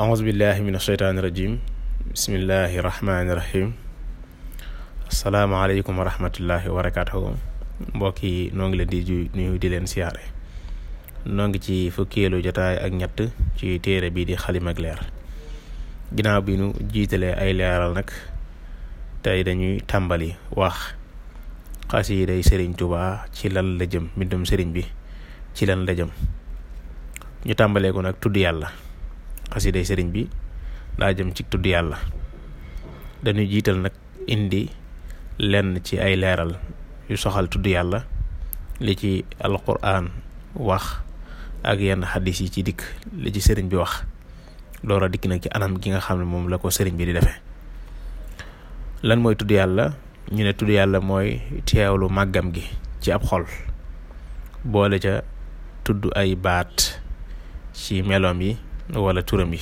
ahousubillah min asheytaani irajim bismillahi irahmaaniirahim asalaamaaleykum wa rahmatullahi wa barakatuhu mbokk yi noo ngi leen di nuyu di leen siyaare nongi ngi ci fukkeelu jotaay ak ñett ci téere bii di xalimag leer ginnaaw bi nu jiitalee ay leeral nag tey dañuy tàmbali wax xasiiday sëriñ Tuubaa ci lan la jëm mbindum sëriñ bi ci lan la jëm ñu tàmbalee ko nag tudd yàlla xasiday sëriñ bi daa jëm ci tudd yàlla dañuy jiital nag indi lenn ci ay leeral yu soxal tudd yàlla li ci alquran wax ak yenn xaddis yi ci dikk li ci sëriñ bi wax door a dikk nag ci anam gi nga xam ne moom la ko sëriñ bi di defee lan mooy tudd yàlla ñu ne tudd yàlla mooy teewlu màggam gi ci ab xol boole ca tudd ay baat ci meloom yi wala turam yi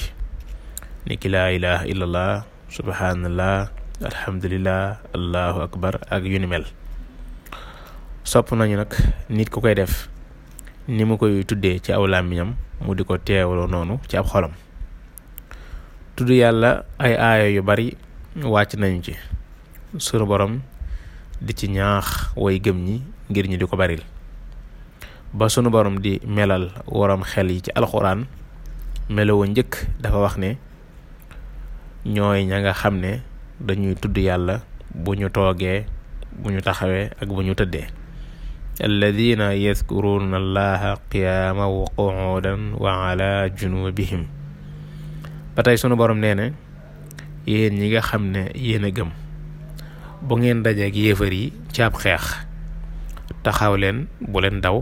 ni ki laa ilaha illallah subhanallah alhamdulillah allahu akbar ak yu ni mel sopp nañu nag nit ku koy def ni mu koy tuddee ci aw làmmiñam mu di ko teewloo noonu ci ab xolam tudd yàlla ay aaya yu bari wàcc nañu ci sunu borom di ci ñaax way gëm ñi ngir ñi di ko baril ba sunu borom di melal waram xel yi ci alxuraan melowo njëkk dafa wax ne ñooy ña nga xam ne dañuy tudd yàlla bu ñu toogee bu ñu taxawee ak bu ñu tëddee alladina yadkuruna allaha qiyaaman wa qu'udan wa ala ba tey sunu borom nee na yéen ñi nga xam ne yéen a gëm bu ngeen dajeek yéefar yi ci ab xeex taxaw leen bu leen daw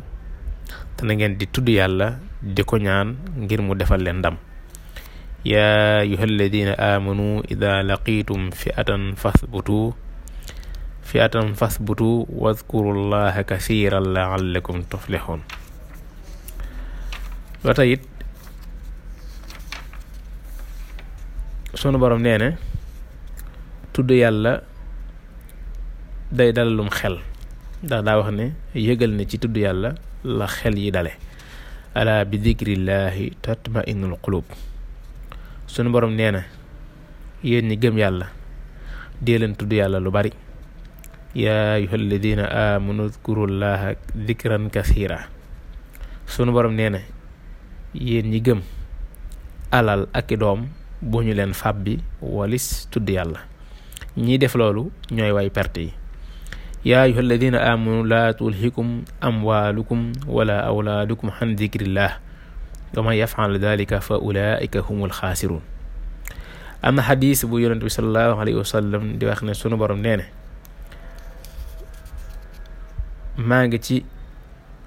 te na ngeen di tudd yàlla di ko ñaan ngir mu defal leen ndam yaa ayuha alladina aamanu ida laqiitum fiatan fasbutu fiatan fasbutu wadkuru llaha kasiran laallakum tuflixuun ba tey it sunu borom nee tudd yàlla day dalalum xel ndax daa wax ne yëgal ne ci tudd yàlla la xel yi dale alaa bi dikrillaahi tatma innul qulub sunu borom nee na yéen ñi gëm yàlla dee leen tudd yàlla lu bari yaa ayyuhal ladina amanu zkurullaha dikran kasiira sunu borom nee na yéen ñi gëm alal ak i doom bu ñu leen fàbbi walis tudd yàlla ñiy def loolu ñooy way perte yaa ayuha alladina amanu laa tulhikum amwalukum wala awlaadukum xan dikrillah wa man dalika fa ulaika humul xaasirun am na xadis bu yonent bi di wax ne sunu borom nee ne maa ngi ci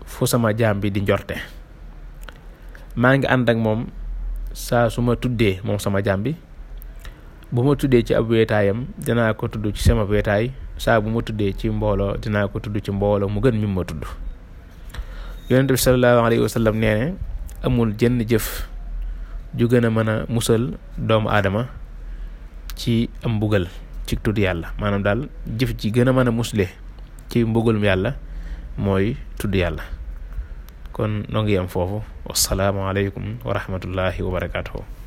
fu sama jaam bi di njorte maa ngi ànd moom saa su ma tuddee moom sama jaam bi bu ma tuddee ci ab weetaayam danaa ko tudd ci sama weetaay saa bu ma tuddee ci mbooloo dinaa ko tudd ci mbooloo mu gën mi ma tudd yonent bi sallallahu alayhi wa sallam nee ne amul jenn jëf ju gën a mën a musal doomu aadama ci am mbugal ci tudd yàlla maanaam daal jëf ji gën a mën a musle ci mbugalum yàlla mooy tudd yàlla kon noon ngi am foofu wassalaamu aleykum wa rahmatullahi wa barakaatuhu